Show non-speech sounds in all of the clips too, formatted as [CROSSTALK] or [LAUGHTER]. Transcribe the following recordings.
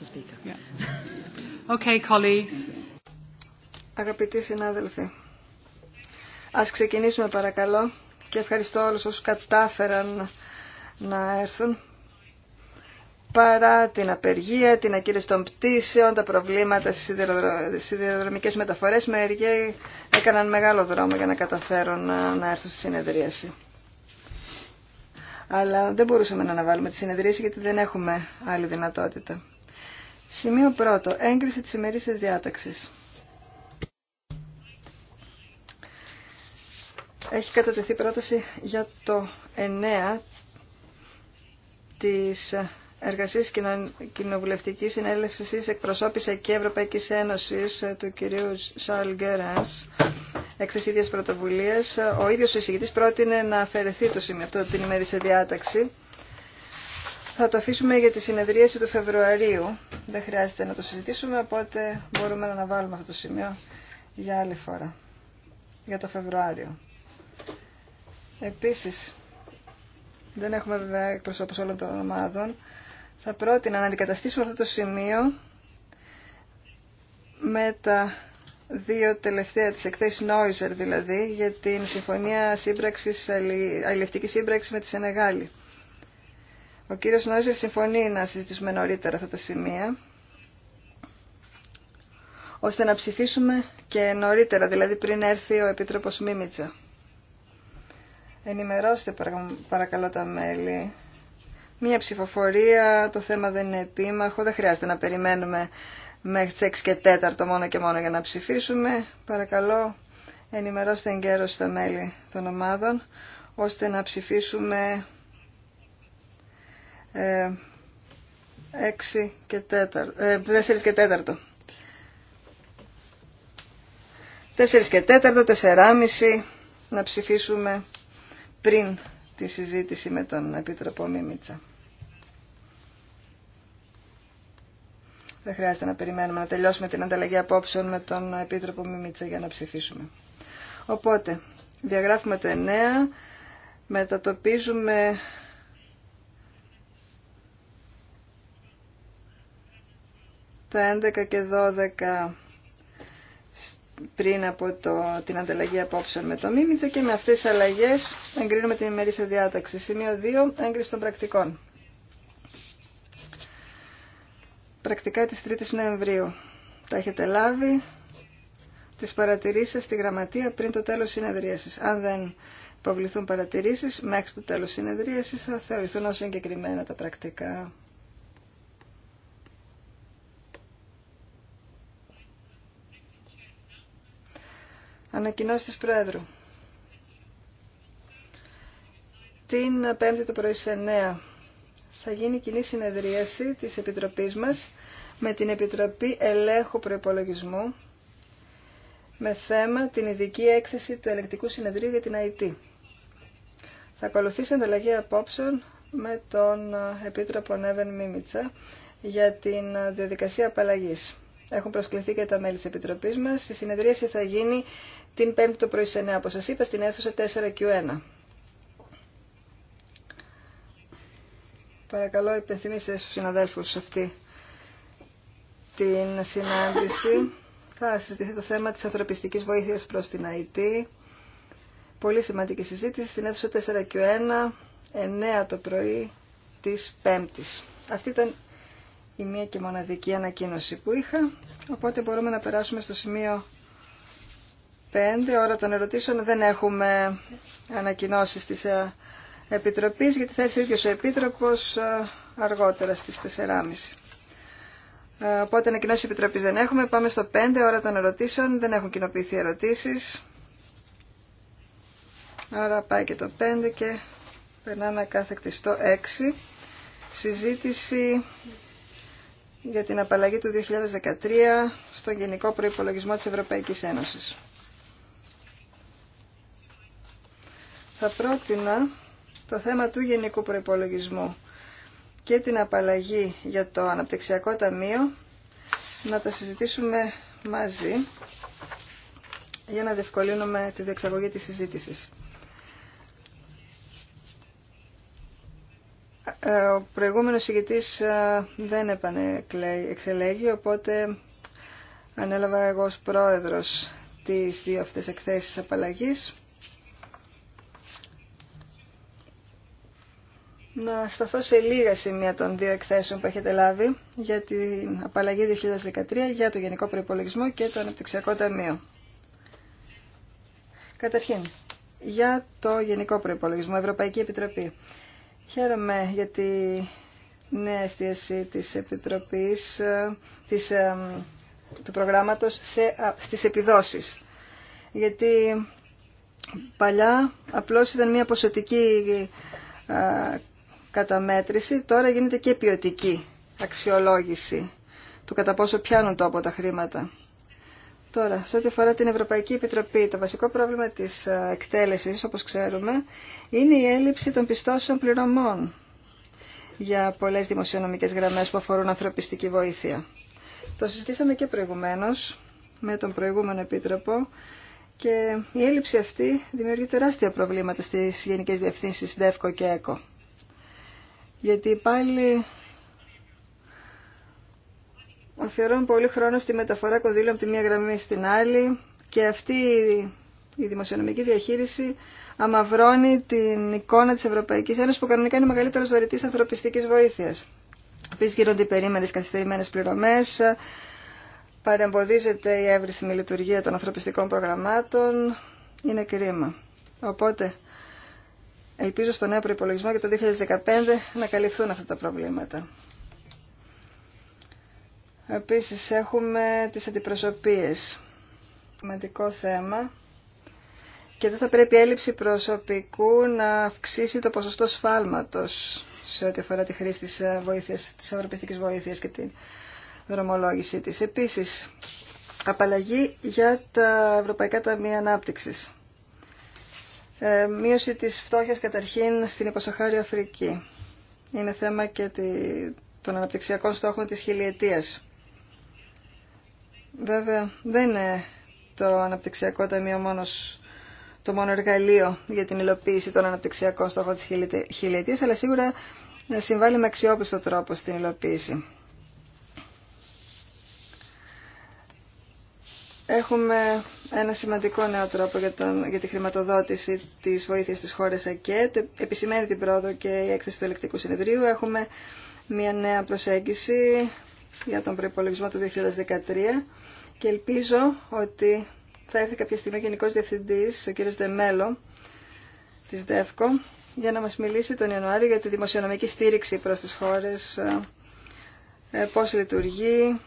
the speaker. Yeah. [LAUGHS] Okay, colleagues. Αγαπητοί συνάδελφοι, ας ξεκινήσουμε παρακαλώ και ευχαριστώ όλους όσους κατάφεραν να έρθουν παρά την απεργία, την ακύρωση των πτήσεων, τα προβλήματα στις σιδηροδρομικές μεταφορές, μερικοί έκαναν μεγάλο δρόμο για να καταφέρουν να έρθουν στη συνεδρίαση. Αλλά δεν μπορούσαμε να αναβάλουμε τη συνεδρίαση γιατί δεν έχουμε άλλη δυνατότητα. Σημείο πρώτο. Έγκριση της ημερήσιας διάταξης. Έχει κατατεθεί πρόταση για το 9 της Εργασίας Κοινοβουλευτικής Συνέλευσης της Εκπροσώπησης και Ευρωπαϊκής Ένωσης του κυρίου Σαρλ Γκέρανς έκθεση ίδιας πρωτοβουλίας. Ο ίδιος ο εισηγητής πρότεινε να αφαιρεθεί το σημείο αυτό την ημερήσια διάταξη θα το αφήσουμε για τη συνεδρίαση του Φεβρουαρίου. Δεν χρειάζεται να το συζητήσουμε, οπότε μπορούμε να βάλουμε αυτό το σημείο για άλλη φορά, για το Φεβρουάριο. Επίσης, δεν έχουμε βέβαια εκπροσώπους όλων των ομάδων, θα πρότεινα να αντικαταστήσουμε αυτό το σημείο με τα δύο τελευταία της εκθέσης Νόιζερ δηλαδή για την Συμφωνία σύμπραξης, αλληλευτική σύμπραξη με τη Σενεγάλη. Ο κύριος Νόιζερ συμφωνεί να συζητήσουμε νωρίτερα αυτά τα σημεία, ώστε να ψηφίσουμε και νωρίτερα, δηλαδή πριν έρθει ο Επίτροπος Μίμητσα. Ενημερώστε παρακαλώ τα μέλη. Μία ψηφοφορία, το θέμα δεν είναι επίμαχο, δεν χρειάζεται να περιμένουμε μέχρι τις 6 και 4 μόνο και μόνο για να ψηφίσουμε. Παρακαλώ ενημερώστε εγκαίρως τα μέλη των ομάδων, ώστε να ψηφίσουμε 6 ε, και 4, ε, και 4. 4 και 4, 4,5 να ψηφίσουμε πριν τη συζήτηση με τον Επίτροπο Μίμητσα. Δεν χρειάζεται να περιμένουμε να τελειώσουμε την ανταλλαγή απόψεων με τον Επίτροπο Μιμίτσα για να ψηφίσουμε. Οπότε, διαγράφουμε το 9, μετατοπίζουμε τα 11 και 12 πριν από το, την ανταλλαγή απόψεων με το Μίμητσα και με αυτές τις αλλαγές εγκρίνουμε την ημερήσια διάταξη. Σημείο 2, έγκριση των πρακτικών. Πρακτικά της 3ης Νοεμβρίου. Τα έχετε λάβει τις παρατηρήσεις στη γραμματεία πριν το τέλος συνεδρίασης. Αν δεν υποβληθούν παρατηρήσεις, μέχρι το τέλος συνεδρίασης θα θεωρηθούν ως εγκεκριμένα τα πρακτικά. Ανακοινώσει της Πρόεδρου. Την Πέμπτη το πρωί σε 9 θα γίνει κοινή συνεδρίαση της Επιτροπής μας με την Επιτροπή Ελέγχου Προϋπολογισμού με θέμα την ειδική έκθεση του Ελεκτικού Συνεδρίου για την ΑΕΤ. Θα ακολουθήσει ανταλλαγή απόψεων με τον Επίτροπο Νέβεν Μίμητσα για την διαδικασία απαλλαγής. Έχουν προσκληθεί και τα μέλη της Επιτροπής μας. Η συνεδρίαση θα γίνει την 5η το πρωί σε 9, όπως σας είπα, στην αίθουσα 4Q1. Παρακαλώ, υπενθυμίστε στους συναδέλφους αυτή την συνάντηση. Θα συζητηθεί το θέμα της ανθρωπιστικής βοήθειας προς την ΑΕΤ. Πολύ σημαντική συζήτηση στην αίθουσα 4Q1, 9 το πρωί της 5ης. Αυτή ήταν η μία και μοναδική ανακοίνωση που είχα. Οπότε μπορούμε να περάσουμε στο σημείο 5, ώρα των ερωτήσεων. Δεν έχουμε ανακοινώσεις της ε, Επιτροπής, γιατί θα έρθει ο ίδιος ο Επίτροπος ε, αργότερα στις 4.30. Ε, οπότε ανακοινώσεις Επιτροπής δεν έχουμε. Πάμε στο 5, ώρα των ερωτήσεων. Δεν έχουν κοινοποιηθεί ερωτήσεις. Άρα πάει και το 5 και περνάμε κάθε στο 6. Συζήτηση για την απαλλαγή του 2013 στον Γενικό Προϋπολογισμό της Ευρωπαϊκής Ένωσης. Θα πρότεινα το θέμα του Γενικού Προϋπολογισμού και την απαλλαγή για το Αναπτυξιακό Ταμείο να τα συζητήσουμε μαζί για να διευκολύνουμε τη διεξαγωγή της συζήτησης. Ε, ο προηγούμενος ηγητής ε, δεν επανεξελέγει, οπότε ανέλαβα εγώ ως πρόεδρος τις δύο αυτές εκθέσεις απαλλαγής. Να σταθώ σε λίγα σημεία των δύο εκθέσεων που έχετε λάβει για την απαλλαγή 2013 για το Γενικό Προϋπολογισμό και το Αναπτυξιακό Ταμείο. Καταρχήν, για το Γενικό Προϋπολογισμό, Ευρωπαϊκή Επιτροπή. Χαίρομαι για τη νέα εστίαση της Επιτροπής ε, ε, του προγράμματος σε, στις επιδόσεις. Γιατί παλιά απλώς ήταν μια ποσοτική ε, καταμέτρηση, τώρα γίνεται και ποιοτική αξιολόγηση του κατά πόσο πιάνουν τόπο τα χρήματα. Τώρα, σε ό,τι αφορά την Ευρωπαϊκή Επιτροπή, το βασικό πρόβλημα της ε, εκτέλεσης, όπως ξέρουμε, είναι η έλλειψη των πιστώσεων πληρωμών για πολλές δημοσιονομικές γραμμές που αφορούν ανθρωπιστική βοήθεια. Το συζητήσαμε και προηγουμένως με τον προηγούμενο Επίτροπο και η έλλειψη αυτή δημιουργεί τεράστια προβλήματα στις Γενικές Διευθύνσεις ΔΕΦΚΟ και ΕΚΟ. Γιατί πάλι αφιερώνουν πολύ χρόνο στη μεταφορά κονδύλων από τη μία γραμμή στην άλλη και αυτή η δημοσιονομική διαχείριση αμαυρώνει την εικόνα της Ευρωπαϊκής Ένωσης που κανονικά είναι ο μεγαλύτερος δωρητής ανθρωπιστικής βοήθειας. Επίσης γίνονται οι περίμενες καθυστερημένες πληρωμές, παρεμποδίζεται η εύρυθμη λειτουργία των ανθρωπιστικών προγραμμάτων. Είναι κρίμα. Οπότε ελπίζω στο νέο προϋπολογισμό και το 2015 να καλυφθούν αυτά τα προβλήματα. Επίσης έχουμε τις αντιπροσωπίες. Σημαντικό θέμα. Και εδώ θα πρέπει η έλλειψη προσωπικού να αυξήσει το ποσοστό σφάλματος σε ό,τι αφορά τη χρήση της, ε, βοήθειας, της ευρωπιστικής βοήθειας και την δρομολόγησή της. Επίσης, απαλλαγή για τα Ευρωπαϊκά Ταμεία Ανάπτυξης. Ε, μείωση της φτώχειας καταρχήν στην υποσαχάριο Αφρική. Είναι θέμα και τη, των αναπτυξιακών στόχων της χιλιετίας. Βέβαια, δεν είναι το αναπτυξιακό ταμείο μόνος το μόνο εργαλείο για την υλοποίηση των αναπτυξιακών στόχων της χιλιετίας, αλλά σίγουρα συμβάλλει με αξιόπιστο τρόπο στην υλοποίηση. Έχουμε ένα σημαντικό νέο τρόπο για, τον, για τη χρηματοδότηση της βοήθειας στις χώρες ΑΚΕ. επισημαίνει την πρόοδο και η έκθεση του ελεκτικού συνεδρίου. Έχουμε μια νέα προσέγγιση για τον προϋπολογισμό του 2013 και ελπίζω ότι θα έρθει κάποια στιγμή ο Γενικός Διευθυντής, ο κύριος Δεμέλο, της ΔΕΦΚΟ, για να μας μιλήσει τον Ιανουάριο για τη δημοσιονομική στήριξη προς τις χώρες, ε, ε, πώς λειτουργεί,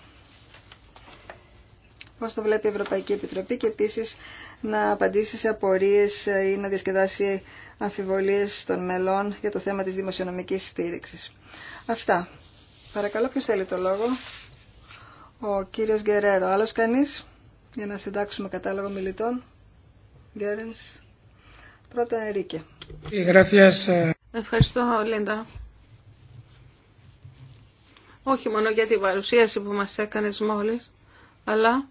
πώς το βλέπει η Ευρωπαϊκή Επιτροπή και επίσης να απαντήσει σε απορίες ε, ή να διασκεδάσει αμφιβολίες των μελών για το θέμα της δημοσιονομικής στήριξης. Αυτά. Παρακαλώ, ποιος θέλει το λόγο. Ο κύριος Γκερέρο. Άλλος κανείς για να συντάξουμε κατάλογο μιλητών. Γκέρενς. Πρώτα Ερίκε. Ε. Ευχαριστώ Λίντα. Όχι μόνο για την παρουσίαση που μας έκανες μόλις, αλλά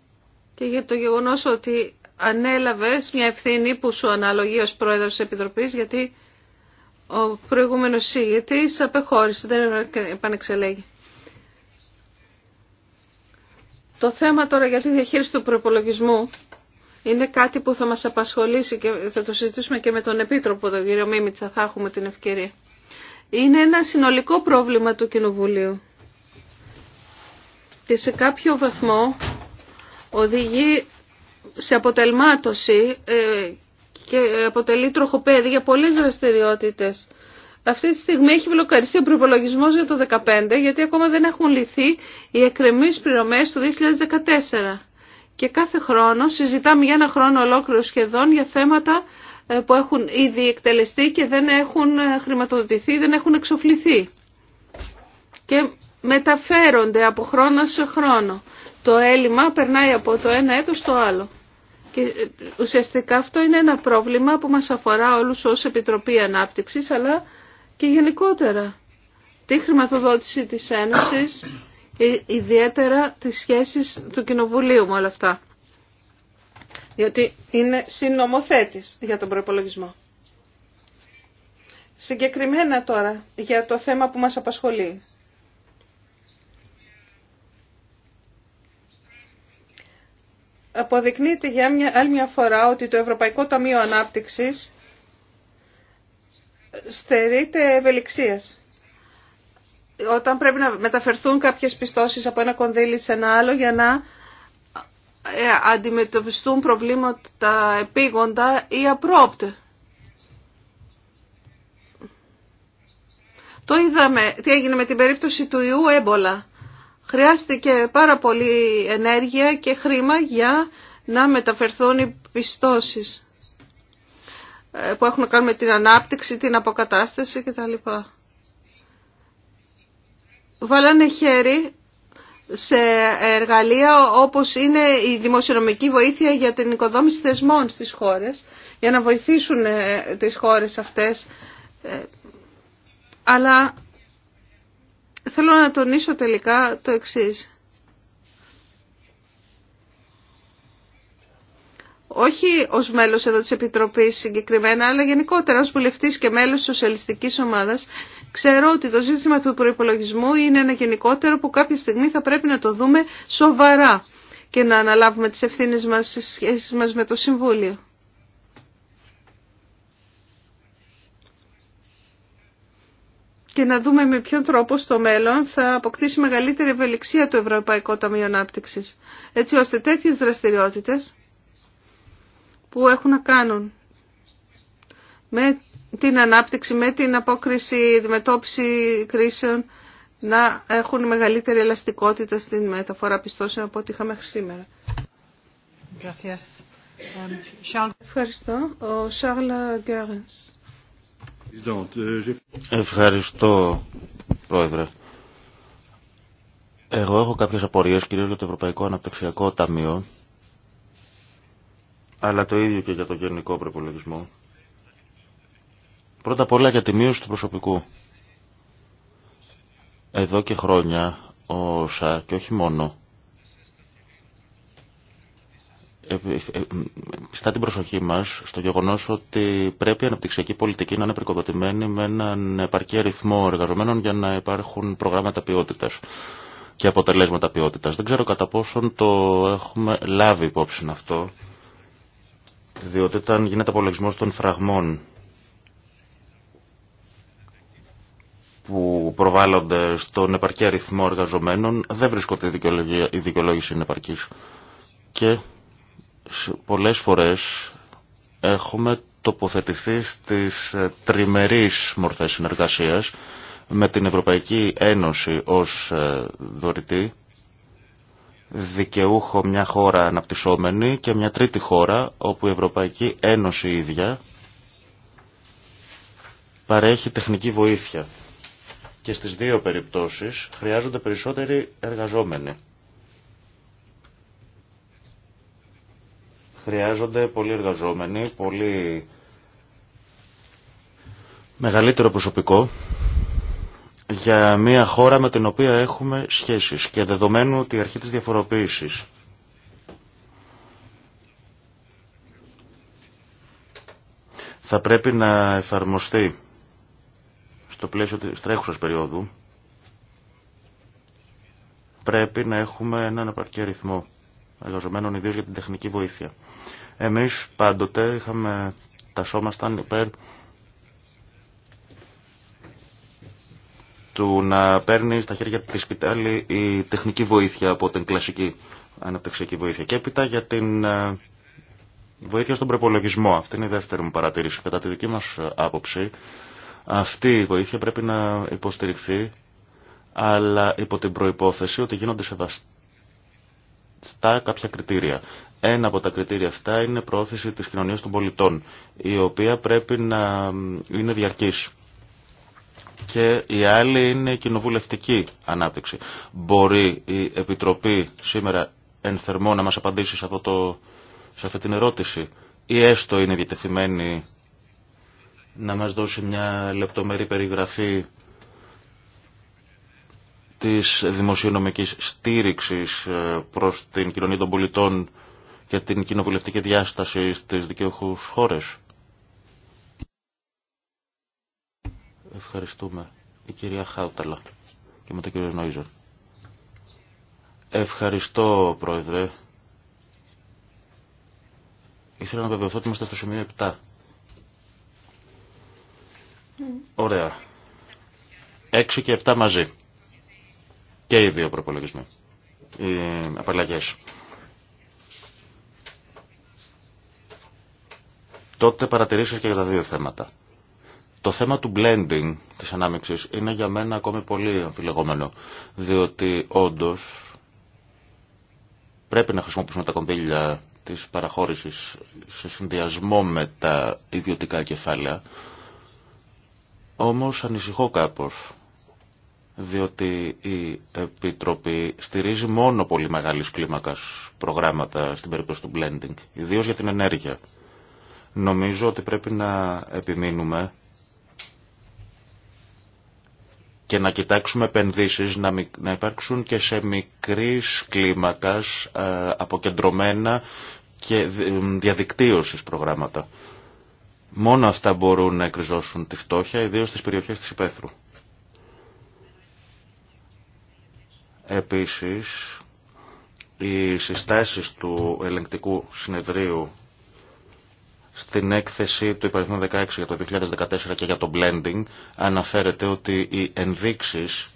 και για το γεγονός ότι ανέλαβες μια ευθύνη που σου αναλογεί ως πρόεδρος της Επιτροπής, γιατί ο προηγούμενος ηγετής απεχώρησε, δεν επανεξελέγει. Το θέμα τώρα για τη διαχείριση του προπολογισμού είναι κάτι που θα μας απασχολήσει και θα το συζητήσουμε και με τον Επίτροπο, τον κύριο Μίμητσα, θα έχουμε την ευκαιρία. Είναι ένα συνολικό πρόβλημα του Κοινοβουλίου και σε κάποιο βαθμό οδηγεί σε αποτελμάτωση ε, και αποτελεί τροχοπέδι για πολλές δραστηριότητες αυτή τη στιγμή έχει βλοκαριστεί ο προπολογισμό για το 2015 γιατί ακόμα δεν έχουν λυθεί οι εκκρεμεί πληρωμέ του 2014. Και κάθε χρόνο συζητάμε για ένα χρόνο ολόκληρο σχεδόν για θέματα ε, που έχουν ήδη εκτελεστεί και δεν έχουν ε, χρηματοδοτηθεί, δεν έχουν εξοφληθεί. Και μεταφέρονται από χρόνο σε χρόνο. Το έλλειμμα περνάει από το ένα έτος στο άλλο. Και ε, ουσιαστικά αυτό είναι ένα πρόβλημα που μας αφορά όλους ως Επιτροπή Ανάπτυξης, αλλά και γενικότερα τη χρηματοδότηση της Ένωσης, ε, ιδιαίτερα τις σχέσεις του Κοινοβουλίου με όλα αυτά. Διότι είναι συνομοθέτης για τον προπολογισμό. Συγκεκριμένα τώρα για το θέμα που μας απασχολεί. Αποδεικνύεται για μια, άλλη μια φορά ότι το Ευρωπαϊκό Ταμείο Ανάπτυξης στερείται ευελιξία. Όταν πρέπει να μεταφερθούν κάποιες πιστώσεις από ένα κονδύλι σε ένα άλλο για να ε, αντιμετωπιστούν προβλήματα επίγοντα ή απρόπτε. Το είδαμε, τι έγινε με την περίπτωση του ιού έμπολα. Χρειάστηκε πάρα πολύ ενέργεια και χρήμα για να μεταφερθούν οι πιστώσεις. Ε, που έχουν να κάνουν με την ανάπτυξη, την αποκατάσταση κτλ. Βάλανε χέρι σε εργαλεία όπως είναι η δημοσιονομική βοήθεια για την οικοδόμηση θεσμών στις χώρες, για να βοηθήσουν ε, τις χώρες αυτές. Ε, αλλά θέλω να τονίσω τελικά το εξής. όχι ως μέλος εδώ της Επιτροπής συγκεκριμένα, αλλά γενικότερα ως βουλευτής και μέλος της σοσιαλιστικής ομάδας, ξέρω ότι το ζήτημα του προϋπολογισμού είναι ένα γενικότερο που κάποια στιγμή θα πρέπει να το δούμε σοβαρά και να αναλάβουμε τις ευθύνες μας στις σχέσεις μας με το Συμβούλιο. Και να δούμε με ποιον τρόπο στο μέλλον θα αποκτήσει μεγαλύτερη ευελιξία το Ευρωπαϊκό Ταμείο Ανάπτυξης, έτσι ώστε τέτοιες δραστηριότητες που έχουν να κάνουν με την ανάπτυξη, με την απόκριση, αντιμετώπιση κρίσεων να έχουν μεγαλύτερη ελαστικότητα στην μεταφορά πιστώσεων από ό,τι είχαμε σήμερα. Um, Ευχαριστώ. Ο Σαρλ Ευχαριστώ, Πρόεδρε. Εγώ έχω κάποιες απορίες, κυρίως για το Ευρωπαϊκό Αναπτυξιακό Ταμείο αλλά το ίδιο και για το γενικό προπολογισμό. Πρώτα απ' όλα για τη μείωση του προσωπικού. Εδώ και χρόνια ο ΣΑ και όχι μόνο ε, ε, ε, στα την προσοχή μας στο γεγονός ότι πρέπει η αναπτυξιακή πολιτική να είναι πρικοδοτημένη με έναν επαρκή αριθμό εργαζομένων για να υπάρχουν προγράμματα ποιότητας και αποτελέσματα ποιότητας. Δεν ξέρω κατά πόσον το έχουμε λάβει υπόψη αυτό διότι όταν γίνεται απολογισμό των φραγμών που προβάλλονται στον επαρκή αριθμό εργαζομένων δεν βρίσκονται η δικαιολόγηση είναι επαρκής. Και πολλές φορές έχουμε τοποθετηθεί στις ε, τριμερείς μορφές συνεργασίας με την Ευρωπαϊκή Ένωση ως ε, δωρητή δικαιούχο μια χώρα αναπτυσσόμενη και μια τρίτη χώρα όπου η Ευρωπαϊκή Ένωση ίδια παρέχει τεχνική βοήθεια. Και στις δύο περιπτώσεις χρειάζονται περισσότεροι εργαζόμενοι. Χρειάζονται πολλοί εργαζόμενοι, πολύ μεγαλύτερο προσωπικό για μια χώρα με την οποία έχουμε σχέσεις και δεδομένου ότι η αρχή της διαφοροποίησης θα πρέπει να εφαρμοστεί στο πλαίσιο της τρέχουσας περίοδου πρέπει να έχουμε έναν επαρκή ρυθμό εργαζομένων ιδίως για την τεχνική βοήθεια. Εμείς πάντοτε είχαμε τα σώμασταν υπέρ του να παίρνει στα χέρια τη σπιτάλη η τεχνική βοήθεια από την κλασική αναπτυξιακή βοήθεια. Και έπειτα για την ε, βοήθεια στον προπολογισμό. Αυτή είναι η δεύτερη μου παρατήρηση. Κατά τη δική μα ε, άποψη, αυτή η βοήθεια πρέπει να υποστηριχθεί, αλλά υπό την προϋπόθεση ότι γίνονται σεβαστά κάποια κριτήρια. Ένα από τα κριτήρια αυτά είναι η πρόθεση της κοινωνίας των πολιτών, η οποία πρέπει να ε, είναι διαρκής και η άλλη είναι η κοινοβουλευτική ανάπτυξη. Μπορεί η Επιτροπή σήμερα εν θερμό να μας απαντήσει σε, αυτό το, σε αυτή την ερώτηση ή έστω είναι διατεθειμένη να μας δώσει μια λεπτομερή περιγραφή της δημοσιονομικής στήριξης ε, προς την κοινωνία των πολιτών και την κοινοβουλευτική διάσταση στις δικαιούχους χώρες. Ευχαριστούμε. Η κυρία Χάουταλα και μετά τον κύριο Νόιζερ. Ευχαριστώ, Πρόεδρε. Ήθελα να βεβαιωθώ ότι είμαστε στο σημείο 7. Mm. Ωραία. 6 και 7 μαζί. Και οι δύο προπολογισμοί. Οι απαλλαγές. Τότε παρατηρήσεις και για τα δύο θέματα. Το θέμα του blending, της ανάμειξης, είναι για μένα ακόμη πολύ αμφιλεγόμενο, διότι όντως πρέπει να χρησιμοποιήσουμε τα κονδύλια της παραχώρησης σε συνδυασμό με τα ιδιωτικά κεφάλαια, όμως ανησυχώ κάπως, διότι η Επιτροπή στηρίζει μόνο πολύ μεγάλης κλίμακας προγράμματα στην περίπτωση του blending, ιδίως για την ενέργεια. Νομίζω ότι πρέπει να επιμείνουμε και να κοιτάξουμε επενδύσει να υπάρξουν και σε μικρής κλίμακας ε, αποκεντρωμένα και ε, διαδικτύωσης προγράμματα. Μόνο αυτά μπορούν να εκριζώσουν τη φτώχεια, ιδίω στι περιοχέ της υπαίθρου. Επίσης, οι συστάσεις του ελεγκτικού συνεδρίου στην έκθεση του υπαριθμού 16 για το 2014 και για το blending αναφέρεται ότι οι ενδείξεις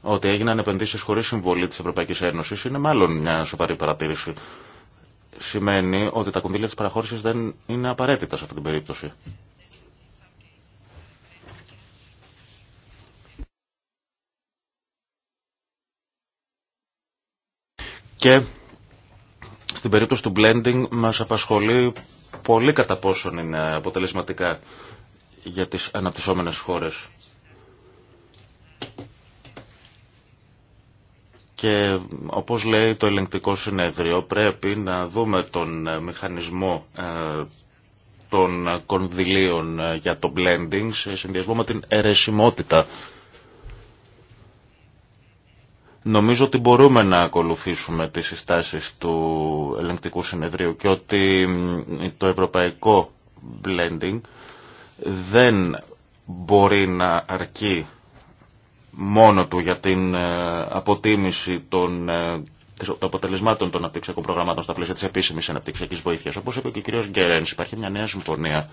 ότι έγιναν επενδύσεις χωρίς συμβολή της Ευρωπαϊκής Ένωσης είναι μάλλον μια σοβαρή παρατήρηση. Σημαίνει ότι τα κονδύλια της παραχώρησης δεν είναι απαραίτητα σε αυτή την περίπτωση. Και στην περίπτωση του blending μας απασχολεί πολύ κατά πόσον είναι αποτελεσματικά για τις αναπτυσσόμενες χώρες. Και όπως λέει το ελεγκτικό συνέδριο πρέπει να δούμε τον ε, μηχανισμό ε, των κονδυλίων ε, για το blending σε συνδυασμό με την αιρεσιμότητα Νομίζω ότι μπορούμε να ακολουθήσουμε τις συστάσεις του ελεγκτικού συνεδρίου και ότι το ευρωπαϊκό blending δεν μπορεί να αρκεί μόνο του για την ε, αποτίμηση των ε, των αποτελεσμάτων των αναπτυξιακών προγραμμάτων στα πλαίσια τη επίσημης αναπτυξιακή βοήθεια. Όπω είπε και ο κ. Γκέρεν, υπάρχει μια νέα συμφωνία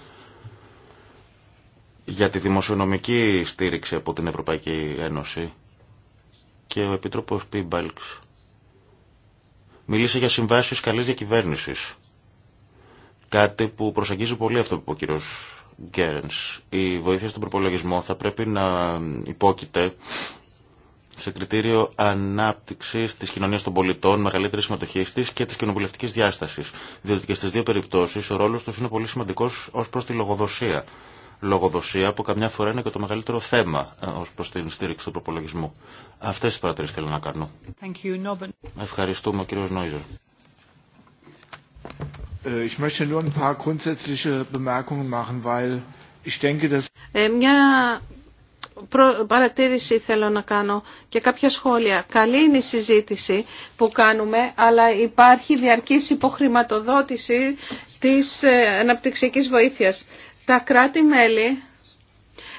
για τη δημοσιονομική στήριξη από την Ευρωπαϊκή Ένωση και ο Επίτροπος Πίμπαλξ μίλησε για συμβάσεις καλής διακυβέρνησης. Κάτι που προσαγγίζει πολύ αυτό που είπε ο κύριος Γκέρενς. Η βοήθεια στον προπολογισμό θα πρέπει να υπόκειται σε κριτήριο ανάπτυξη τη κοινωνία των πολιτών, μεγαλύτερη συμμετοχή τη και τη κοινοβουλευτική διάσταση. Διότι και στι δύο περιπτώσει ο ρόλο του είναι πολύ σημαντικό ω προ τη λογοδοσία λογοδοσία που καμιά φορά είναι και το μεγαλύτερο θέμα ε, ως προς την στήριξη του προπολογισμού. Αυτές τις παρατηρήσεις θέλω να κάνω. Ευχαριστούμε κύριο Νόιζερ. Ε, ich möchte nur ein paar grundsätzliche Bemerkungen machen, weil ich denke, dass... Ε, μια παρατήρηση θέλω να κάνω και κάποια σχόλια. Καλή είναι η συζήτηση που κάνουμε, αλλά υπάρχει διαρκής υποχρηματοδότηση της αναπτυξιακής βοήθειας τα κράτη-μέλη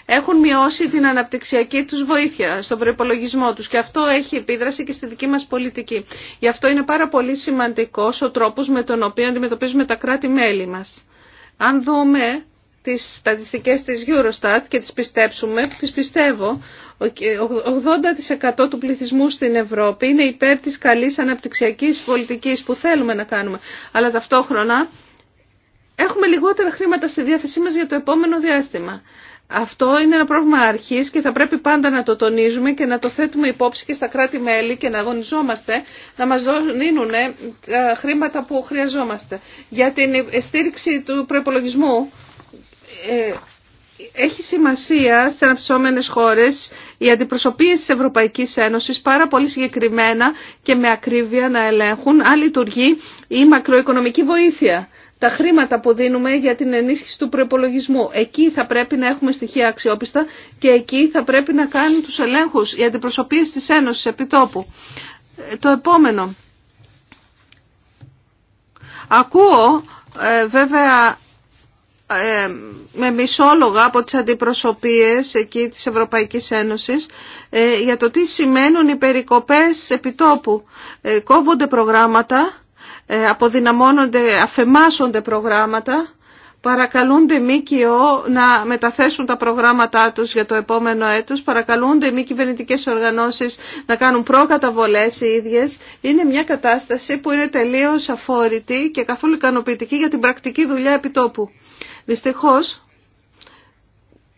έχουν μειώσει την αναπτυξιακή τους βοήθεια στον προϋπολογισμό τους και αυτό έχει επίδραση και στη δική μας πολιτική. Γι' αυτό είναι πάρα πολύ σημαντικός ο τρόπος με τον οποίο αντιμετωπίζουμε τα κράτη-μέλη μας. Αν δούμε τις στατιστικές της Eurostat και τις πιστέψουμε, τις πιστεύω, 80% του πληθυσμού στην Ευρώπη είναι υπέρ της καλής αναπτυξιακής πολιτικής που θέλουμε να κάνουμε. Αλλά ταυτόχρονα έχουμε λιγότερα χρήματα στη διάθεσή μας για το επόμενο διάστημα. Αυτό είναι ένα πρόβλημα αρχής και θα πρέπει πάντα να το τονίζουμε και να το θέτουμε υπόψη και στα κράτη-μέλη και να αγωνιζόμαστε να μας δίνουν ε, τα χρήματα που χρειαζόμαστε. Για την στήριξη του προπολογισμού ε, έχει σημασία στις αναψώμενες χώρες οι αντιπροσωπείες της Ευρωπαϊκής Ένωσης πάρα πολύ συγκεκριμένα και με ακρίβεια να ελέγχουν αν λειτουργεί η μακροοικονομική βοήθεια τα χρήματα που δίνουμε για την ενίσχυση του προπολογισμού. Εκεί θα πρέπει να έχουμε στοιχεία αξιόπιστα και εκεί θα πρέπει να κάνουν τους ελέγχους οι αντιπροσωπείες της Ένωσης επιτόπου. Ε, το επόμενο. Ακούω ε, βέβαια ε, με μισόλογα από τις αντιπροσωπείες εκεί της Ευρωπαϊκής Ένωσης ε, για το τι σημαίνουν οι περικοπές επιτόπου. κόβονται προγράμματα ε, αποδυναμώνονται, αφεμάσονται προγράμματα, παρακαλούνται οι ΜΚΟ να μεταθέσουν τα προγράμματά τους για το επόμενο έτος, παρακαλούνται οι μη κυβερνητικέ οργανώσεις να κάνουν προκαταβολές οι ίδιες. Είναι μια κατάσταση που είναι τελείως αφόρητη και καθόλου ικανοποιητική για την πρακτική δουλειά επιτόπου. Δυστυχώς,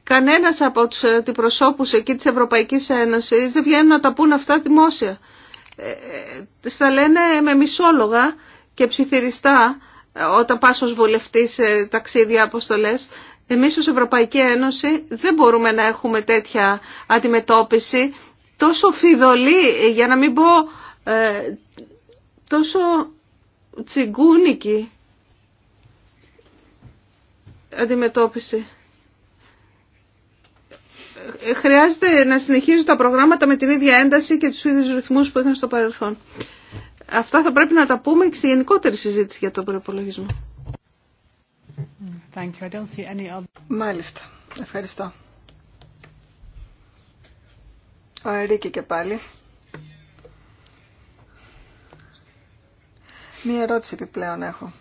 κανένας από τους αντιπροσώπους ε, εκεί της Ευρωπαϊκής Ένωσης δεν βγαίνουν να τα πούν αυτά δημόσια. Ε, στα λένε με μισόλογα και ψιθυριστά ε, όταν πας ως βουλευτής σε ταξίδια αποστολές. Εμείς ως Ευρωπαϊκή Ένωση δεν μπορούμε να έχουμε τέτοια αντιμετώπιση τόσο φιδωλή, για να μην πω ε, τόσο τσιγκούνικη αντιμετώπιση. Ε, χρειάζεται να συνεχίζουν τα προγράμματα με την ίδια ένταση και τους ίδιους ρυθμούς που είχαν στο παρελθόν. Αυτά θα πρέπει να τα πούμε στη γενικότερη συζήτηση για τον προπολογισμό. Μάλιστα. Ευχαριστώ. Ο Ερίκη και πάλι. Μία ερώτηση επιπλέον έχω.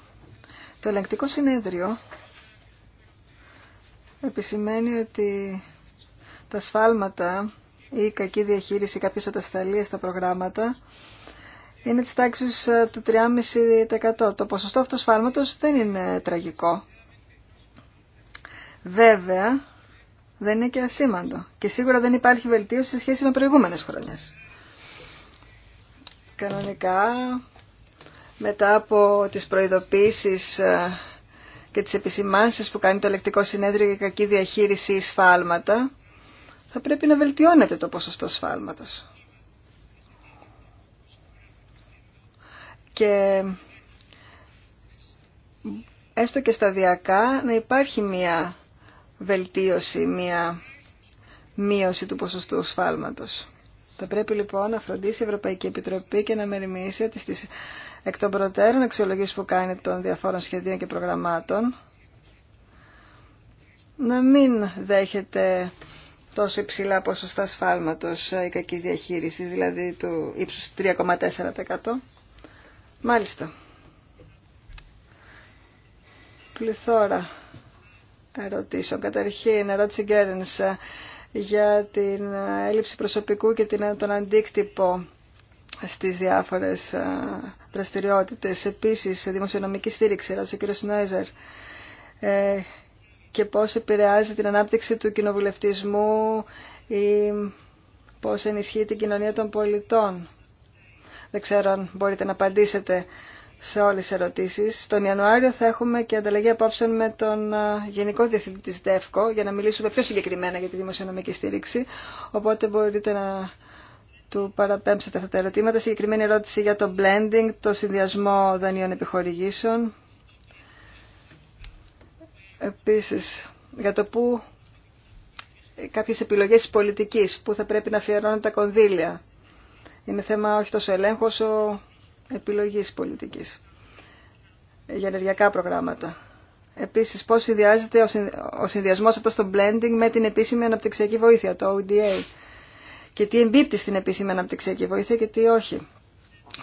Το ελεγκτικό συνέδριο επισημαίνει ότι τα σφάλματα ή η κακή διαχείριση κάποιες ατασταλίες στα προγράμματα είναι της τάξης ε, του 3,5%. Το ποσοστό αυτού του σφάλματος δεν είναι τραγικό. Βέβαια, δεν είναι και ασήμαντο. Και σίγουρα δεν υπάρχει βελτίωση σε σχέση με προηγούμενες χρόνιες. Κανονικά, μετά από τις προειδοποίησεις ε, και τις επισημάνσεις που κάνει το ελεκτικό συνέδριο για κακή διαχείριση σφάλματα, θα πρέπει να βελτιώνεται το ποσοστό σφάλματος. και έστω και σταδιακά να υπάρχει μια βελτίωση, μια μείωση του ποσοστού σφάλματος. Θα πρέπει λοιπόν να φροντίσει η Ευρωπαϊκή Επιτροπή και να μεριμνήσει ότι στις εκ των προτέρων αξιολογήσεις που κάνει των διαφόρων σχεδίων και προγραμμάτων να μην δέχεται τόσο υψηλά ποσοστά σφάλματος η ε, κακής διαχείρισης, δηλαδή του ύψους 3,4%. Μάλιστα. Πληθώρα ερωτήσεων. Καταρχήν, ερώτηση Γκέρνς ε, για την ε, έλλειψη προσωπικού και ε, τον αντίκτυπο στις διάφορες δραστηριότητες. Επίσης, δημοσιονομική στήριξη, ρώτησε ο κύριος Νόιζερ, και πώς επηρεάζει την ανάπτυξη του κοινοβουλευτισμού ή πώς ενισχύει την κοινωνία των πολιτών. Δεν ξέρω αν μπορείτε να απαντήσετε σε όλες τις ερωτήσεις. Τον Ιανουάριο θα έχουμε και ανταλλαγή απόψεων με τον Γενικό Διευθυντή της ΔΕΦΚΟ για να μιλήσουμε πιο συγκεκριμένα για τη δημοσιονομική στήριξη. Οπότε μπορείτε να του παραπέμψετε αυτά τα ερωτήματα. Συγκεκριμένη ερώτηση για το blending, το συνδυασμό δανείων επιχορηγήσεων. Επίσης, για το που κάποιες επιλογές πολιτικής, που θα πρέπει να αφιερώνουν τα κονδύλια είναι θέμα όχι τόσο ελέγχου όσο επιλογής πολιτικής για ενεργειακά προγράμματα. Επίσης, πώς συνδυάζεται ο συνδυασμός αυτός στο blending με την επίσημη αναπτυξιακή βοήθεια, το ODA. Και τι εμπίπτει στην επίσημη αναπτυξιακή βοήθεια και τι όχι.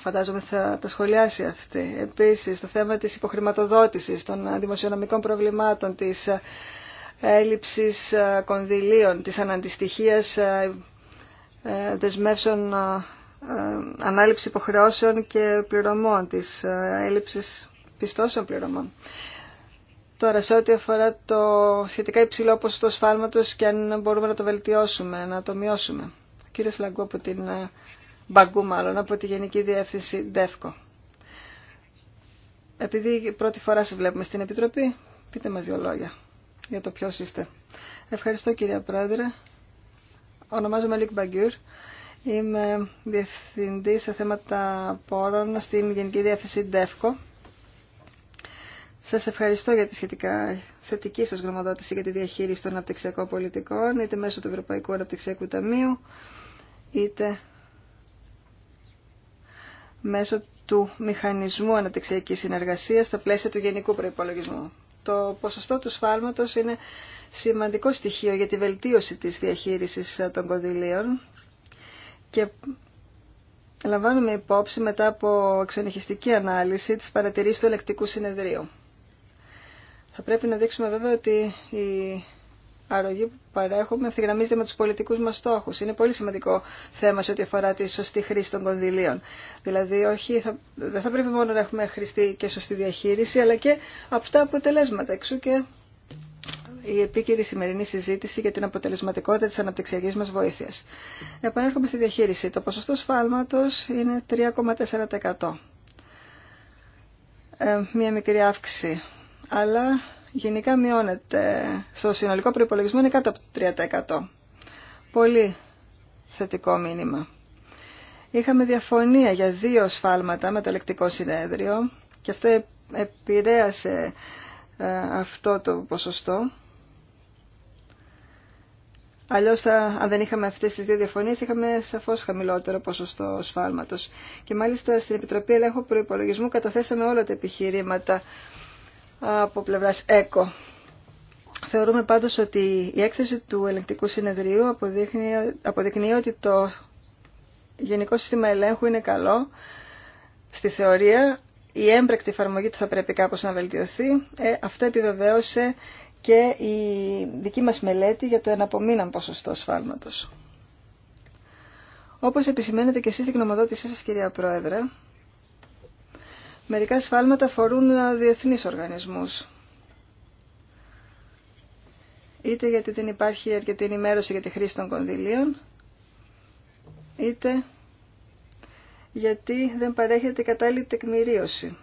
Φαντάζομαι θα τα σχολιάσει αυτή. Επίσης, το θέμα της υποχρηματοδότησης, των δημοσιονομικών προβλημάτων, της ε, έλλειψης ε, κονδυλίων, της αναντιστοιχίας ε, δεσμεύσεων ε, ανάληψη υποχρεώσεων και πληρωμών, της ε, έλλειψης πιστώσεων πληρωμών. Τώρα, σε ό,τι αφορά το σχετικά υψηλό ποσοστό σφάλματος και αν μπορούμε να το βελτιώσουμε, να το μειώσουμε. Ο κύριος Λαγκού από την ε, Μπαγκού, μάλλον, από τη Γενική Διεύθυνση ΔΕΦΚΟ. Επειδή πρώτη φορά σε βλέπουμε στην Επιτροπή, πείτε μας δύο λόγια για το ποιος είστε. Ευχαριστώ κυρία Πρόεδρε. Ονομάζομαι Λίκ Μπαγκούρ. Είμαι διευθυντή σε θέματα πόρων στην Γενική Διεύθυνση ΔΕΦΚΟ. Σας ευχαριστώ για τη σχετικά θετική σας γνωμοδότηση για τη διαχείριση των αναπτυξιακών πολιτικών, είτε μέσω του Ευρωπαϊκού Αναπτυξιακού Ταμείου, είτε μέσω του Μηχανισμού Αναπτυξιακής Συνεργασίας στα πλαίσια του Γενικού Προϋπολογισμού. Το ποσοστό του σφάλματος είναι σημαντικό στοιχείο για τη βελτίωση της διαχείρισης των κονδυλίων και λαμβάνουμε υπόψη μετά από εξονυχιστική ανάλυση της παρατηρήσης του ελεκτικού συνεδρίου. Θα πρέπει να δείξουμε βέβαια ότι η αρρωγή που παρέχουμε ευθυγραμμίζεται με τους πολιτικούς μας στόχους. Είναι πολύ σημαντικό θέμα σε ό,τι αφορά τη σωστή χρήση των κονδυλίων. Δηλαδή όχι, θα, δεν θα πρέπει μόνο να έχουμε χρηστή και σωστή διαχείριση, αλλά και αυτά αποτελέσματα. Εξού και η επίκαιρη σημερινή συζήτηση για την αποτελεσματικότητα τη αναπτυξιακή μα βοήθεια. Επανέρχομαι στη διαχείριση. Το ποσοστό σφάλματο είναι 3,4%. Ε, μία μικρή αύξηση. Αλλά γενικά μειώνεται. Στο συνολικό προπολογισμό είναι κάτω από το 3%. Πολύ θετικό μήνυμα. Είχαμε διαφωνία για δύο σφάλματα με το ελεκτικό συνέδριο και αυτό επηρέασε ε, αυτό το ποσοστό Αλλιώ αν δεν είχαμε αυτές τι δύο διαφωνίε, είχαμε σαφώ χαμηλότερο ποσοστό σφάλματος. Και μάλιστα στην Επιτροπή Ελέγχου προπολογισμού, καταθέσαμε όλα τα επιχειρήματα από πλευράς ΕΚΟ. Θεωρούμε πάντως ότι η έκθεση του ελεγκτικού συνεδρίου αποδεικνύει ότι το γενικό σύστημα ελέγχου είναι καλό στη θεωρία. Η έμπρακτη εφαρμογή του θα πρέπει κάπως να βελτιωθεί. Ε, αυτό επιβεβαίωσε και η δική μας μελέτη για το εναπομείναν ποσοστό σφάλματος. Όπως επισημαίνετε και εσείς στην γνωμοδότησή σας, κυρία Πρόεδρε, μερικά σφάλματα αφορούν διεθνείς οργανισμούς. Είτε γιατί δεν υπάρχει αρκετή ενημέρωση για τη χρήση των κονδυλίων, είτε γιατί δεν παρέχεται κατάλληλη τεκμηρίωση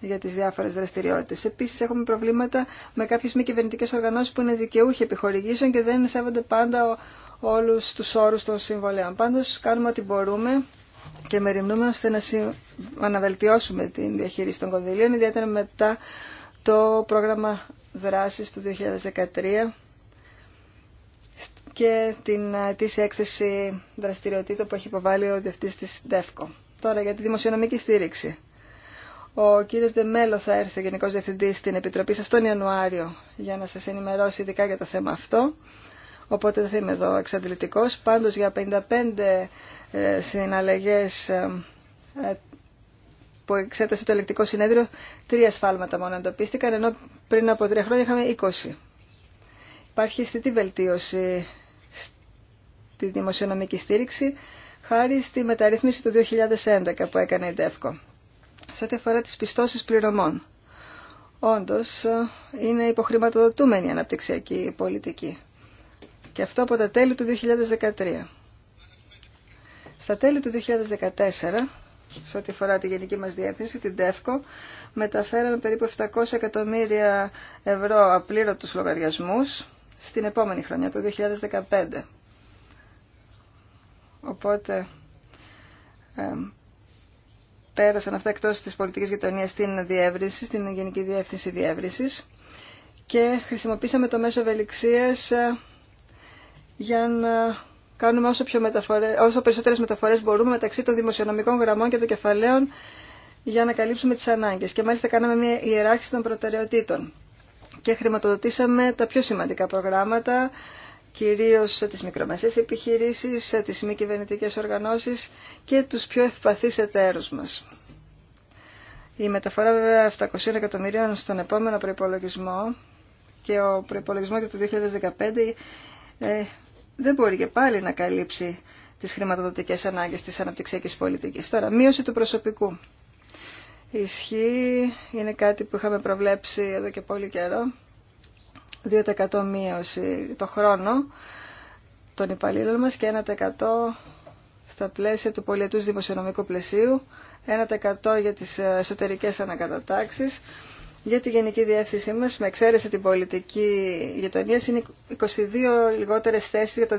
για τις διάφορες δραστηριότητες. Επίσης έχουμε προβλήματα με κάποιες μη κυβερνητικέ οργανώσεις που είναι δικαιούχοι επιχορηγήσεων και δεν σέβονται πάντα όλους τους όρους των συμβολέων. Πάντως κάνουμε ό,τι μπορούμε και μεριμνούμε ώστε να αναβελτιώσουμε την διαχείριση των κονδυλίων, ιδιαίτερα μετά το πρόγραμμα δράσης του 2013 και την αιτήσια έκθεση δραστηριοτήτων που έχει υποβάλει ο διευθυντής της ΔΕΦΚΟ. Τώρα για τη δημοσιονομική στήριξη. Ο κύριος Δεμέλο θα έρθει, ο Γενικός Διευθυντής, στην Επιτροπή σας τον Ιανουάριο για να σας ενημερώσει ειδικά για το θέμα αυτό. Οπότε δεν θα είμαι εδώ εξαντλητικός. Πάντως για 55 ε, συναλλαγές ε, ε, που εξέτασε το ελεκτικό συνέδριο, τρία σφάλματα μόνο εντοπίστηκαν, ενώ πριν από τρία χρόνια είχαμε 20. Υπάρχει αισθητή βελτίωση στη δημοσιονομική στήριξη, χάρη στη μεταρρύθμιση του 2011 που έκανε η ΔΕΦΚΟ σε ό,τι αφορά τις πιστώσεις πληρωμών. Όντως, είναι υποχρηματοδοτούμενη η αναπτυξιακή πολιτική. Και αυτό από τα τέλη του 2013. Στα τέλη του 2014, σε ό,τι αφορά τη γενική μας διεύθυνση, την ΤΕΦΚΟ, μεταφέραμε περίπου 700 εκατομμύρια ευρώ απλήρωτους λογαριασμούς στην επόμενη χρονιά, το 2015. Οπότε, πέρασαν αυτά εκτός της πολιτικής γειτονίας στην διεύρυνση, στην Γενική Διεύθυνση Διεύρυνσης και χρησιμοποίησαμε το μέσο ευελιξίας ε, για να κάνουμε όσο, πιο μεταφορές, όσο περισσότερες μεταφορές μπορούμε μεταξύ των δημοσιονομικών γραμμών και των κεφαλαίων για να καλύψουμε τις ανάγκες. Και μάλιστα κάναμε μια ιεράρχηση των προτεραιοτήτων και χρηματοδοτήσαμε τα πιο σημαντικά προγράμματα κυρίως τις μικρομεσαίες επιχειρήσεις, τις μη κυβερνητικές οργανώσεις και τους πιο ευπαθείς εταίρους μας. Η μεταφορά βέβαια 700 εκατομμυρίων στον επόμενο προϋπολογισμό και ο προϋπολογισμός για το 2015 ε, δεν μπορεί και πάλι να καλύψει τις χρηματοδοτικές ανάγκες της αναπτυξιακής πολιτικής. Τώρα, μείωση του προσωπικού. Ισχύει, είναι κάτι που είχαμε προβλέψει εδώ και πολύ καιρό 2% μείωση το χρόνο των υπαλλήλων μας και 1% στα πλαίσια του πολιετούς δημοσιονομικού πλαισίου, 1% για τις ε, εσωτερικές ανακατατάξεις. Για τη γενική διεύθυνσή μας, με εξαίρεση την πολιτική γειτονία, είναι 22 λιγότερες θέσεις για το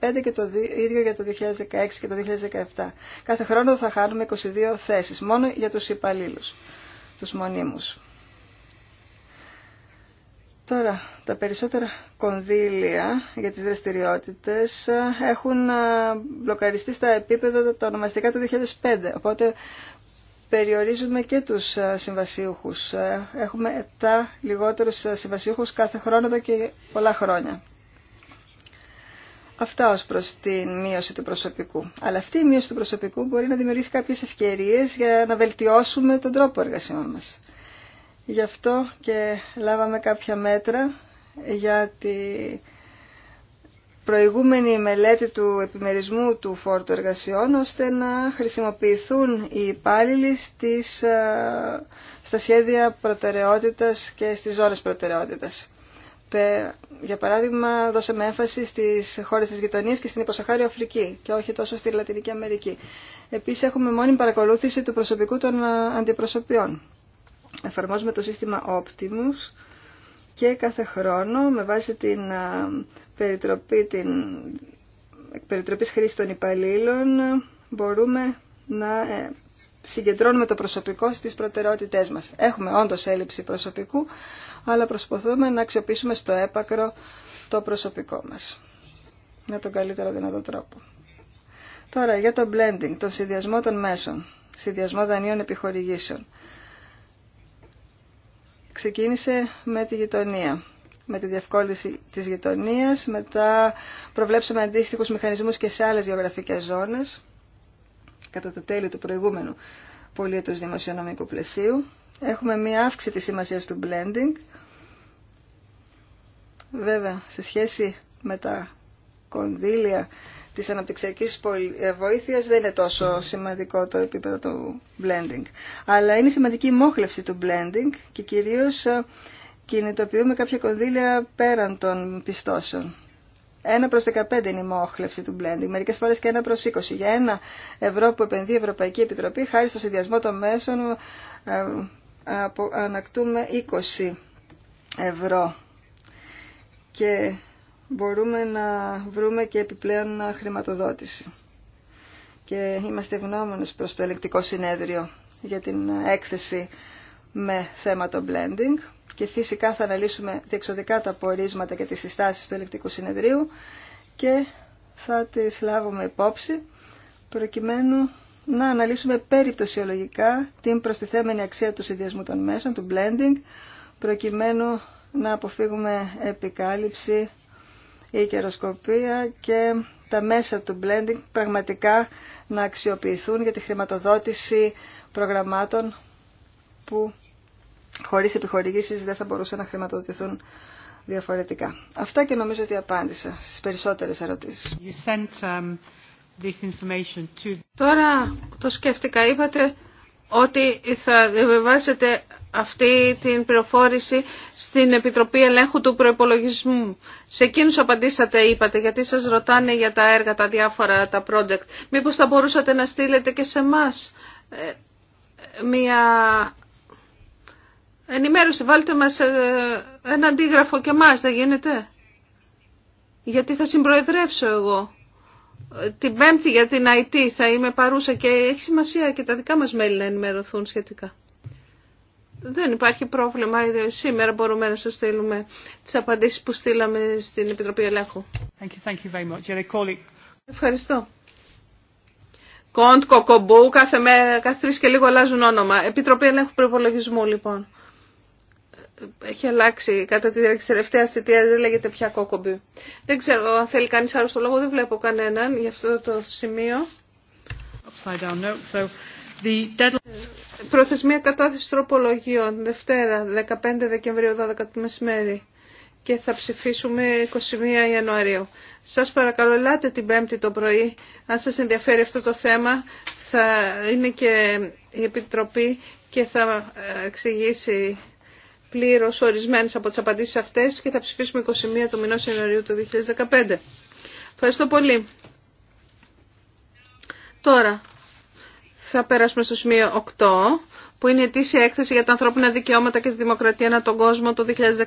2015 και το ίδιο για το 2016 και το 2017. Κάθε χρόνο θα χάνουμε 22 θέσεις, μόνο για τους υπαλλήλους, τους μονίμους. Τώρα, τα περισσότερα κονδύλια για τις δραστηριότητες έχουν μπλοκαριστεί στα επίπεδα τα ονομαστικά του 2005, οπότε περιορίζουμε και τους συμβασίουχους. Ε, έχουμε 7 λιγότερους συμβασίουχους κάθε χρόνο εδώ και πολλά χρόνια. Αυτά ως προς τη μείωση του προσωπικού. Αλλά αυτή η μείωση του προσωπικού μπορεί να δημιουργήσει κάποιες ευκαιρίες για να βελτιώσουμε τον τρόπο εργασιών μας. Γι' αυτό και λάβαμε κάποια μέτρα για τη προηγούμενη μελέτη του επιμερισμού του φόρτου εργασιών ώστε να χρησιμοποιηθούν οι υπάλληλοι στις, στα σχέδια προτεραιότητας και στις ώρες προτεραιότητας. Για παράδειγμα, δώσαμε έμφαση στις χώρες της γειτονίας και στην Υποσαχάριο Αφρική και όχι τόσο στη Λατινική Αμερική. Επίσης, έχουμε μόνιμη παρακολούθηση του προσωπικού των αντιπροσωπιών εφαρμόζουμε το σύστημα Optimus και κάθε χρόνο με βάση την περιτροπή, την περιτροπής χρήση των υπαλλήλων μπορούμε να ε, συγκεντρώνουμε το προσωπικό στις προτεραιότητές μας. Έχουμε όντως έλλειψη προσωπικού, αλλά προσπαθούμε να αξιοποιήσουμε στο έπακρο το προσωπικό μας με τον καλύτερο δυνατό τρόπο. Τώρα για το blending, το συνδυασμό των μέσων, συνδυασμό δανείων επιχορηγήσεων ξεκίνησε με τη γειτονία με τη διευκόλυνση της γειτονίας, μετά προβλέψαμε αντίστοιχους μηχανισμούς και σε άλλες γεωγραφικές ζώνες, κατά τα τέλη του προηγούμενου Πολίτου δημοσιονομικού πλαισίου. Έχουμε μία αύξηση της σημασίας του blending. Βέβαια, σε σχέση με τα κονδύλια της αναπτυξιακής ε, βοήθειας δεν είναι τόσο σημαντικό το επίπεδο του blending. Αλλά είναι σημαντική η μόχλευση του blending και κυρίως ε, κινητοποιούμε κάποια κονδύλια πέραν των πιστώσεων. 1 προς 15 είναι η μόχλευση του blending, μερικές φορές και 1 προς 20. Για ένα ευρώ που επενδύει η Ευρωπαϊκή Επιτροπή, χάρη στο συνδυασμό των μέσων, ε, ανακτούμε 20 ευρώ. Και μπορούμε να βρούμε και επιπλέον χρηματοδότηση. Και είμαστε ευγνώμονες προς το ελεκτικό συνέδριο για την έκθεση με θέμα το blending και φυσικά θα αναλύσουμε διεξοδικά τα πορίσματα και τις συστάσεις του ελεκτικού συνεδρίου και θα τις λάβουμε υπόψη προκειμένου να αναλύσουμε περιπτωσιολογικά την προστιθέμενη αξία του συνδυασμού των μέσων, του blending, προκειμένου να αποφύγουμε επικάλυψη η κεροσκοπία και τα μέσα του blending πραγματικά να αξιοποιηθούν για τη χρηματοδότηση προγραμμάτων που χωρίς επιχορηγήσεις δεν θα μπορούσαν να χρηματοδοτηθούν διαφορετικά. Αυτά και νομίζω ότι απάντησα στις περισσότερες ερωτήσεις. Um, Τώρα το σκέφτηκα, είπατε ότι θα διαβιβάσετε αυτή την πληροφόρηση στην Επιτροπή Ελέγχου του Προϋπολογισμού. Σε εκείνους απαντήσατε, είπατε, γιατί σας ρωτάνε για τα έργα, τα διάφορα, τα project. Μήπως θα μπορούσατε να στείλετε και σε εμά ε, μια ενημέρωση. Βάλτε μας ε, ένα αντίγραφο και εμάς, δεν γίνεται. Γιατί θα συμπροεδρεύσω εγώ την Πέμπτη για την IT θα είμαι παρούσα και έχει σημασία και τα δικά μας μέλη να ενημερωθούν σχετικά. Δεν υπάρχει πρόβλημα, ε, σήμερα μπορούμε να σας στείλουμε τις απαντήσεις που στείλαμε στην Επιτροπή Ελέγχου. Ευχαριστώ. Κοντ, Κοκομπού, κάθε, μέρα, κάθε τρεις και λίγο αλλάζουν όνομα. Επιτροπή Ελέγχου Προπολογισμού λοιπόν έχει αλλάξει κατά τη διάρκεια της δεν λέγεται πια κόκομπι. Δεν ξέρω αν θέλει κανείς άλλο το λόγο, δεν βλέπω κανέναν για αυτό το σημείο. Προθεσμία κατάθεση τροπολογίων, Δευτέρα, 15 Δεκεμβρίου, 12 το μεσημέρι και θα ψηφίσουμε 21 Ιανουαρίου. Σας παρακαλώ, ελάτε την Πέμπτη το πρωί, αν σας ενδιαφέρει αυτό το θέμα, θα είναι και η Επιτροπή και θα ε, εξηγήσει πλήρω ορισμένε από τι απαντήσει αυτέ και θα ψηφίσουμε 21 του μηνό Ιανουαρίου του 2015. Ευχαριστώ πολύ. Τώρα θα περάσουμε στο σημείο 8 που είναι η ετήσια έκθεση για τα ανθρώπινα δικαιώματα και τη δημοκρατία ανά τον κόσμο το 2013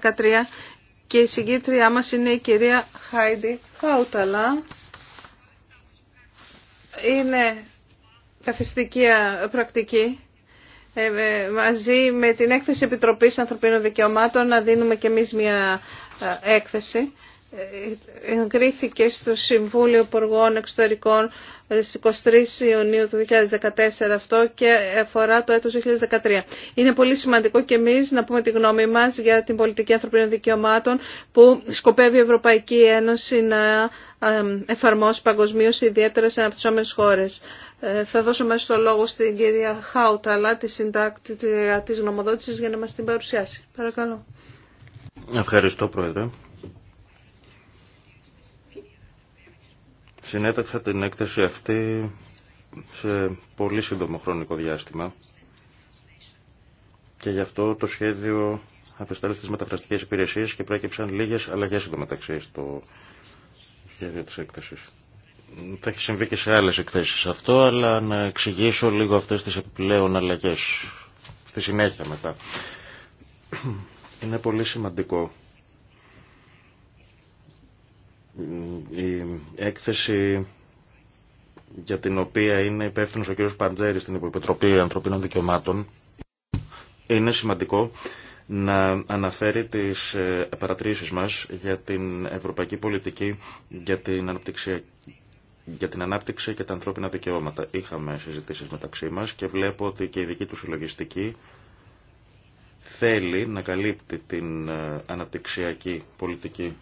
και η συγκήτριά μας είναι η κυρία Χάιντι Χάουταλα. Είναι καθιστική ε, πρακτική ε, μαζί με την έκθεση Επιτροπής Ανθρωπίνων Δικαιωμάτων να δίνουμε και εμείς μια ε, έκθεση. Ε, εγκρίθηκε στο Συμβούλιο Υπουργών Εξωτερικών στις 23 Ιουνίου του 2014 αυτό και αφορά το έτος 2013. Είναι πολύ σημαντικό και εμείς να πούμε τη γνώμη μας για την πολιτική ανθρωπίνων δικαιωμάτων που σκοπεύει η Ευρωπαϊκή Ένωση να εφαρμόσει παγκοσμίως ιδιαίτερα σε αναπτυσσόμενες χώρες. Ε, θα δώσω μέσα στο λόγο στην κυρία Χάουταλα, τη συντάκτη της γνωμοδότησης, για να μας την παρουσιάσει. Παρακαλώ. Ευχαριστώ, Πρόεδρε. Συνέταξα την έκθεση αυτή σε πολύ σύντομο χρονικό διάστημα και γι' αυτό το σχέδιο απεστάλλει στις μεταφραστικές υπηρεσίες και προέκυψαν λίγες αλλαγές εντωμεταξύ στο σχέδιο της έκθεσης. Θα έχει συμβεί και σε άλλες εκθέσεις αυτό, αλλά να εξηγήσω λίγο αυτές τις επιπλέον αλλαγές στη συνέχεια μετά. Είναι πολύ σημαντικό η έκθεση για την οποία είναι υπεύθυνο ο κ. Παντζέρη στην Υποεπιτροπή Ανθρωπίνων Δικαιωμάτων, είναι σημαντικό να αναφέρει τις ε, παρατηρήσεις μας για την ευρωπαϊκή πολιτική για την για την ανάπτυξη και τα ανθρώπινα δικαιώματα. Είχαμε συζητήσεις μεταξύ μας και βλέπω ότι και η δική του συλλογιστική θέλει να καλύπτει την ε, αναπτυξιακή πολιτική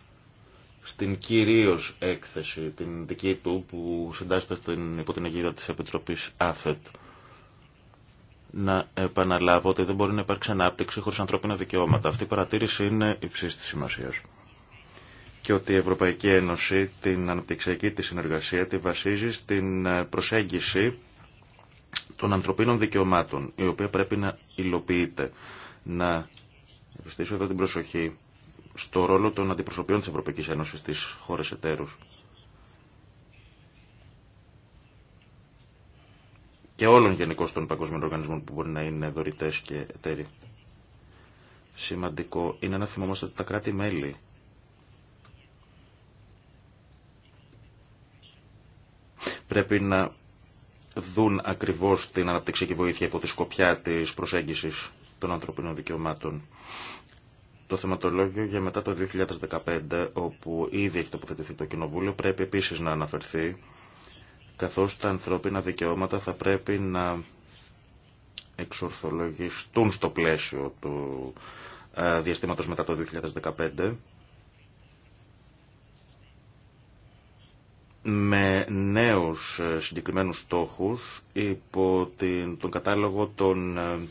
στην κυρίως έκθεση, την δική του, που συντάσσεται στην, υπό την αιγύδα της Επιτροπής ΑΦΕΤ. Να επαναλάβω ότι δεν μπορεί να υπάρξει ανάπτυξη χωρίς ανθρώπινα δικαιώματα. Αυτή η παρατήρηση είναι υψή τη σημασίας. Και ότι η Ευρωπαϊκή Ένωση την αναπτυξιακή της συνεργασία τη βασίζει στην προσέγγιση των ανθρωπίνων δικαιωμάτων, η οποία πρέπει να υλοποιείται. Να ευαισθήσω εδώ την προσοχή στο ρόλο των αντιπροσωπείων της Ευρωπαϊκής Ένωσης στις χώρες εταίρους. Και όλων γενικώ των παγκοσμίων οργανισμών που μπορεί να είναι δωρητέ και εταίροι. Σημαντικό είναι να θυμόμαστε ότι τα κράτη-μέλη πρέπει να δουν ακριβώς την αναπτυξιακή βοήθεια υπό τη σκοπιά της προσέγγισης των ανθρωπίνων δικαιωμάτων. Το θεματολόγιο για μετά το 2015, όπου ήδη έχει τοποθετηθεί το Κοινοβούλιο, πρέπει επίσης να αναφερθεί, καθώς τα ανθρώπινα δικαιώματα θα πρέπει να εξορθολογιστούν στο πλαίσιο του ε, διαστήματος μετά το 2015, με νέους ε, συγκεκριμένους στόχους υπό τον κατάλογο των ε,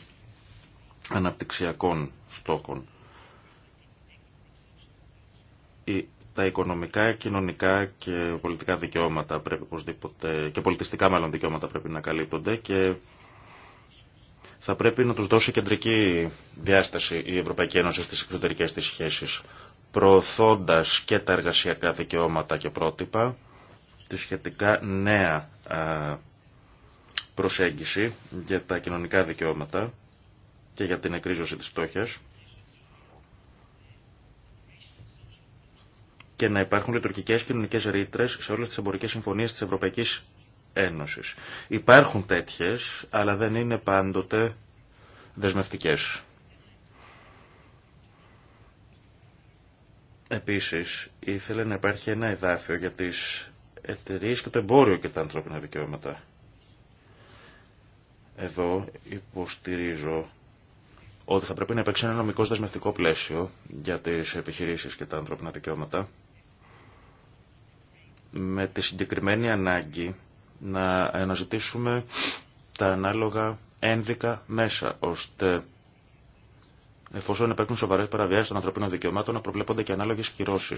αναπτυξιακών στόχων τα οικονομικά, κοινωνικά και πολιτικά δικαιώματα πρέπει και πολιτιστικά μάλλον δικαιώματα πρέπει να καλύπτονται και θα πρέπει να τους δώσει κεντρική διάσταση η Ευρωπαϊκή Ένωση στις εξωτερικέ της σχέσεις, προωθώντας και τα εργασιακά δικαιώματα και πρότυπα, τη σχετικά νέα προσέγγιση για τα κοινωνικά δικαιώματα και για την εκρίζωση της πτώχειας και να υπάρχουν λειτουργικέ κοινωνικέ ρήτρε σε όλε τι εμπορικέ συμφωνίε τη Ευρωπαϊκή Ένωση. Υπάρχουν τέτοιε, αλλά δεν είναι πάντοτε δεσμευτικέ. Επίση ήθελε να υπάρχει ένα εδάφιο για τι εταιρείε και το εμπόριο και τα ανθρώπινα δικαιώματα. Εδώ υποστηρίζω ότι θα πρέπει να υπάρξει ένα νομικό δεσμευτικό πλαίσιο για τις επιχειρήσεις και τα ανθρώπινα δικαιώματα με τη συγκεκριμένη ανάγκη να αναζητήσουμε τα ανάλογα ένδικα μέσα, ώστε εφόσον υπάρχουν σοβαρέ παραβιάσει των ανθρωπίνων δικαιωμάτων, να προβλέπονται και ανάλογε κυρώσει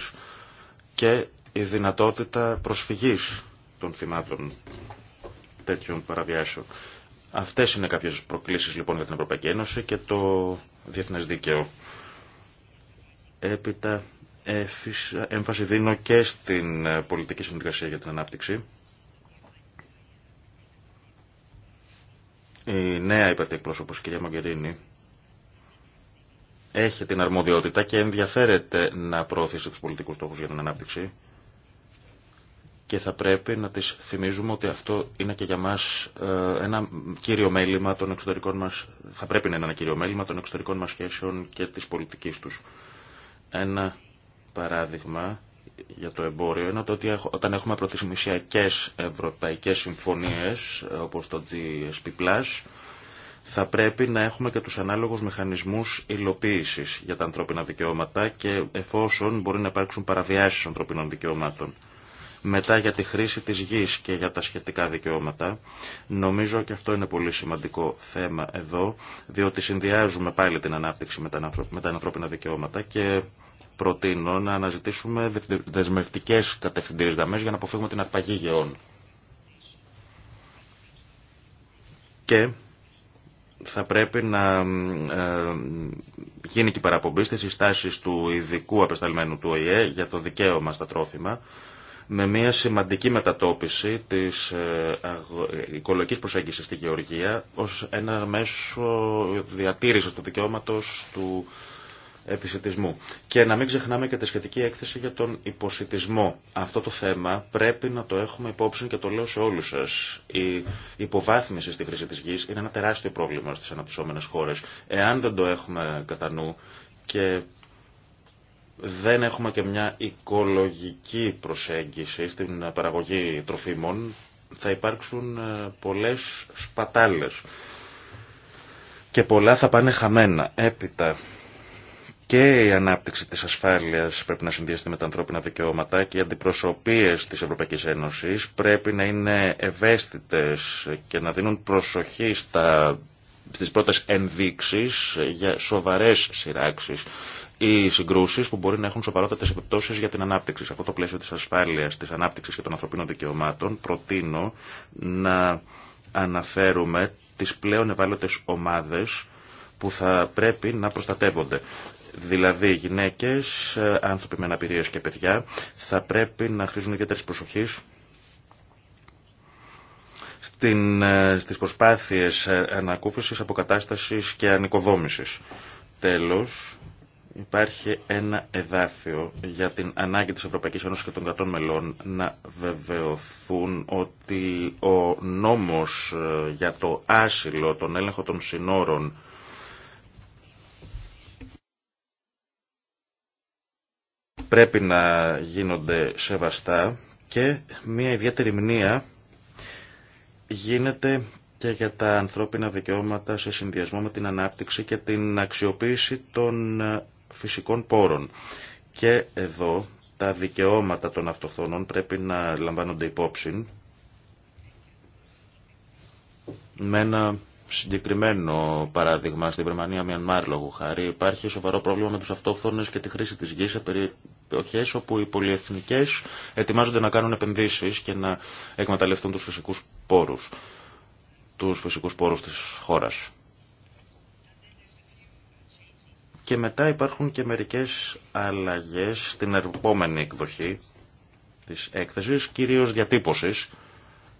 και η δυνατότητα προσφυγή των θυμάτων τέτοιων παραβιάσεων. Αυτέ είναι κάποιε προκλήσει λοιπόν για την Ευρωπαϊκή Ένωση και το διεθνέ δίκαιο. Έπειτα έμφαση δίνω και στην ε, πολιτική συνεργασία για την ανάπτυξη. Η νέα είπατε εκπρόσωπος, κυρία Μαγκερίνη, έχει την αρμοδιότητα και ενδιαφέρεται να προωθήσει τους πολιτικούς στόχους για την ανάπτυξη και θα πρέπει να τις θυμίζουμε ότι αυτό είναι και για μας ε, ένα κύριο μέλημα των εξωτερικών μας, θα πρέπει να είναι ένα κύριο μέλημα των εξωτερικών μας σχέσεων και της πολιτικής τους. Ένα παράδειγμα για το εμπόριο είναι ότι όταν έχουμε πρωτισμισιακές ευρωπαϊκές συμφωνίες όπως το GSP+, θα πρέπει να έχουμε και τους ανάλογους μηχανισμούς υλοποίησης για τα ανθρώπινα δικαιώματα και εφόσον μπορεί να υπάρξουν παραβιάσεις ανθρωπίνων δικαιωμάτων. Μετά για τη χρήση της γης και για τα σχετικά δικαιώματα. Νομίζω και αυτό είναι πολύ σημαντικό θέμα εδώ, διότι συνδυάζουμε πάλι την ανάπτυξη με τα ανθρώπινα δικαιώματα και προτείνω να αναζητήσουμε δεσμευτικές κατευθυντήρες δαμές για να αποφύγουμε την αρπαγή γεών. Και θα πρέπει να ε, γίνει και η παραπομπή στις συστάσεις του ειδικού απεσταλμένου του ΟΗΕ για το δικαίωμα στα τρόφιμα με μια σημαντική μετατόπιση της ε, ε, οικολογικής προσέγγισης στη γεωργία ως ένα μέσο διατήρησης του δικαιώματος του επισητισμού. Και να μην ξεχνάμε και τη σχετική έκθεση για τον υποσιτισμό. Αυτό το θέμα πρέπει να το έχουμε υπόψη και το λέω σε όλους σας. Η υποβάθμιση στη χρήση της γης είναι ένα τεράστιο πρόβλημα στις αναπτυσσόμενες χώρες. Εάν δεν το έχουμε κατά νου και δεν έχουμε και μια οικολογική προσέγγιση στην παραγωγή τροφίμων, θα υπάρξουν ε, πολλές σπατάλες και πολλά θα πάνε χαμένα. Έπειτα και η ανάπτυξη της ασφάλειας πρέπει να συνδυαστεί με τα ανθρώπινα δικαιώματα και οι αντιπροσωπείες της Ευρωπαϊκής Ένωσης πρέπει να είναι ευαίσθητες και να δίνουν προσοχή στα στις πρώτες ενδείξεις για σοβαρές σειράξεις οι συγκρούσει που μπορεί να έχουν σοβαρότατε επιπτώσεις για την ανάπτυξη. Σε αυτό το πλαίσιο της ασφάλεια τη ανάπτυξη και των ανθρωπίνων δικαιωμάτων προτείνω να αναφέρουμε τις πλέον ευάλωτες ομάδες που θα πρέπει να προστατεύονται. Δηλαδή γυναίκες, άνθρωποι με αναπηρίε και παιδιά θα πρέπει να χρήζουν ιδιαίτερη προσοχή στι προσπάθειε ανακούφιση αποκατάσταση και ανοικοδόμηση. Τέλος, υπάρχει ένα εδάφιο για την ανάγκη της Ευρωπαϊκής Ένωσης και των κρατών μελών να βεβαιωθούν ότι ο νόμος ε, για το άσυλο, τον έλεγχο των συνόρων πρέπει να γίνονται σεβαστά και μια ιδιαίτερη μνήα γίνεται και για τα ανθρώπινα δικαιώματα σε συνδυασμό με την ανάπτυξη και την αξιοποίηση των ε, φυσικών πόρων. Και εδώ τα δικαιώματα των αυτοχθονών πρέπει να λαμβάνονται υπόψη με ένα συγκεκριμένο παράδειγμα στην Βερμανία Μιανμάρ λόγου χάρη υπάρχει σοβαρό πρόβλημα με τους αυτόχθονες και τη χρήση της γης σε περιοχές όπου οι πολυεθνικές ετοιμάζονται να κάνουν επενδύσεις και να εκμεταλλευτούν τους φυσικούς πόρους τους φυσικούς πόρους της χώρας. Και μετά υπάρχουν και μερικές αλλαγές στην επόμενη εκδοχή της έκθεσης, κυρίως διατύπωσης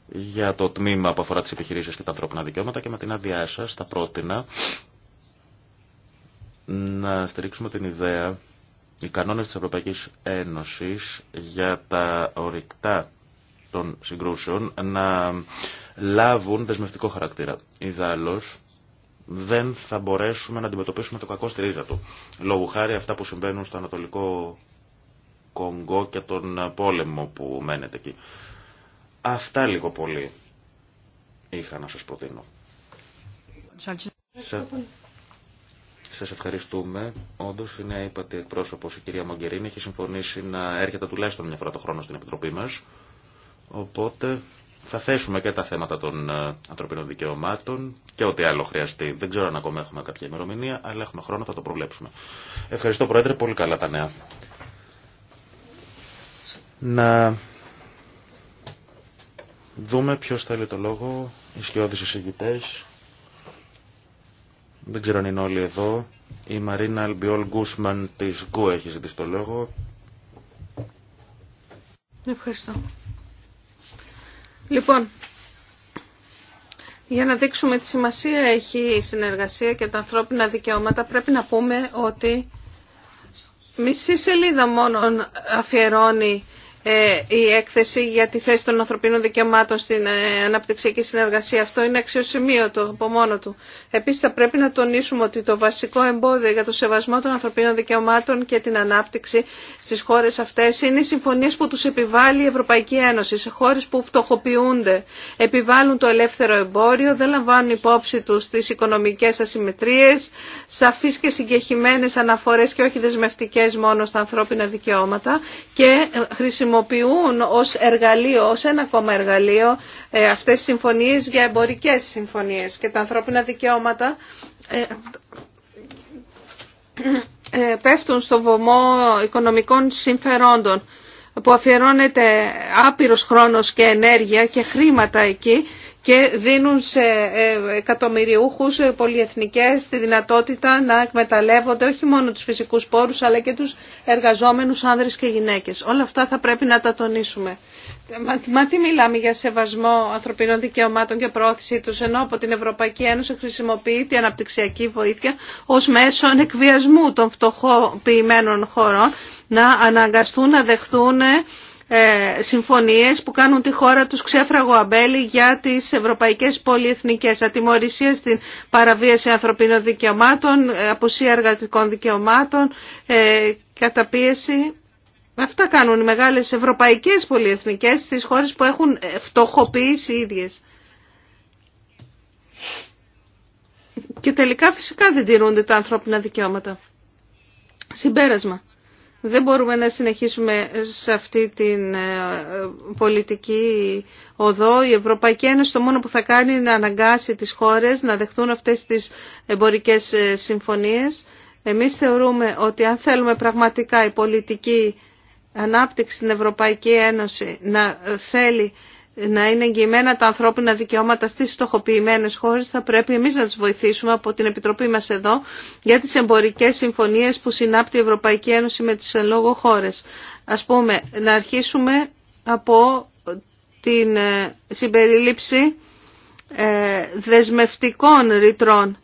για το τμήμα που αφορά τις επιχειρήσεις και τα ανθρώπινα δικαιώματα και με την άδειά σα, θα πρότεινα να στηρίξουμε την ιδέα οι κανόνες της Ευρωπαϊκής Ένωσης για τα ορυκτά των συγκρούσεων να λάβουν δεσμευτικό χαρακτήρα. Ιδάλλως, δεν θα μπορέσουμε να αντιμετωπίσουμε το κακό στη ρίζα του. Λόγω χάρη αυτά που συμβαίνουν στο Ανατολικό Κονγκό και τον πόλεμο που μένεται εκεί. Αυτά λίγο πολύ είχα να σας προτείνω. Σε... σας ευχαριστούμε. Όντω η νέα είπατε εκπρόσωπος η κυρία Μαγκερίνη έχει συμφωνήσει να έρχεται τουλάχιστον μια φορά το χρόνο στην Επιτροπή μας. Οπότε θα θέσουμε και τα θέματα των ε, ανθρωπίνων δικαιωμάτων και ό,τι άλλο χρειαστεί. Δεν ξέρω αν ακόμα έχουμε κάποια ημερομηνία, αλλά έχουμε χρόνο, θα το προβλέψουμε. Ευχαριστώ, Πρόεδρε, πολύ καλά τα νέα. Να δούμε ποιο θέλει το λόγο, οι σκιώδεις εισηγητές. Δεν ξέρω αν είναι όλοι εδώ. Η Μαρίνα Αλμπιόλ Γκούσμαν τη Γκου έχει ζητήσει το λόγο. Ευχαριστώ. Λοιπόν, για να δείξουμε τι σημασία έχει η συνεργασία και τα ανθρώπινα δικαιώματα πρέπει να πούμε ότι μισή σελίδα μόνο αφιερώνει ε, η έκθεση για τη θέση των ανθρωπίνων δικαιωμάτων στην ε, αναπτυξιακή συνεργασία. Αυτό είναι αξιοσημείωτο από μόνο του. Επίση, θα πρέπει να τονίσουμε ότι το βασικό εμπόδιο για το σεβασμό των ανθρωπίνων δικαιωμάτων και την ανάπτυξη στι χώρε αυτέ είναι οι συμφωνίες που του επιβάλλει η Ευρωπαϊκή Ένωση σε χώρε που φτωχοποιούνται, επιβάλλουν το ελεύθερο εμπόριο, δεν λαμβάνουν υπόψη του τι οικονομικέ ασυμμετρίε, σαφεί και συγκεχημένε αναφορέ και όχι δεσμευτικέ μόνο στα ανθρώπινα δικαιώματα και ε, χρησιμοποιούν ως εργαλείο, ως ένα ακόμα εργαλείο ε, αυτές τις συμφωνίες για εμπορικές συμφωνίες και τα ανθρώπινα δικαιώματα ε, ε, πέφτουν στο βωμό οικονομικών συμφερόντων που αφιερώνεται άπειρος χρόνος και ενέργεια και χρήματα εκεί και δίνουν σε ε, εκατομμυριούχους ε, πολυεθνικές τη δυνατότητα να εκμεταλλεύονται όχι μόνο τους φυσικούς πόρους αλλά και τους εργαζόμενους άνδρες και γυναίκες. Όλα αυτά θα πρέπει να τα τονίσουμε. Μα τι μιλάμε για σεβασμό ανθρωπίνων δικαιωμάτων και πρόθεση τους ενώ από την Ευρωπαϊκή Ένωση χρησιμοποιεί η αναπτυξιακή βοήθεια ως μέσο εκβιασμού των φτωχοποιημένων χωρών να αναγκαστούν να δεχθούν ε, ε, συμφωνίες που κάνουν τη χώρα τους ξέφραγο αμπέλη για τις ευρωπαϊκές πολυεθνικές ατιμωρησίες στην παραβίαση ανθρωπίνων δικαιωμάτων, ε, απουσία εργατικών δικαιωμάτων, ε, καταπίεση. Αυτά κάνουν οι μεγάλες ευρωπαϊκές πολυεθνικές στις χώρες που έχουν φτωχοποιήσει οι ίδιες. Και τελικά φυσικά δεν τηρούνται τα ανθρώπινα δικαιώματα. Συμπέρασμα. Δεν μπορούμε να συνεχίσουμε σε αυτή την ε, πολιτική οδό. Η Ευρωπαϊκή Ένωση το μόνο που θα κάνει είναι να αναγκάσει τις χώρες να δεχτούν αυτές τις εμπορικές ε, συμφωνίες. Εμείς θεωρούμε ότι αν θέλουμε πραγματικά η πολιτική ανάπτυξη στην Ευρωπαϊκή Ένωση να θέλει να είναι εγγυημένα τα ανθρώπινα δικαιώματα στις φτωχοποιημένες χώρες θα πρέπει εμείς να τις βοηθήσουμε από την Επιτροπή μας εδώ για τις εμπορικές συμφωνίες που συνάπτει η Ευρωπαϊκή Ένωση με τις εν λόγω χώρες. Ας πούμε να αρχίσουμε από την ε, συμπεριλήψη ε, δεσμευτικών ρητρών